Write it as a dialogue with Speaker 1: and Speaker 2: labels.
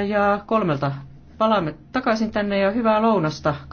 Speaker 1: ja kolmelta palaamme takaisin tänne ja hyvää lounasta kaikille.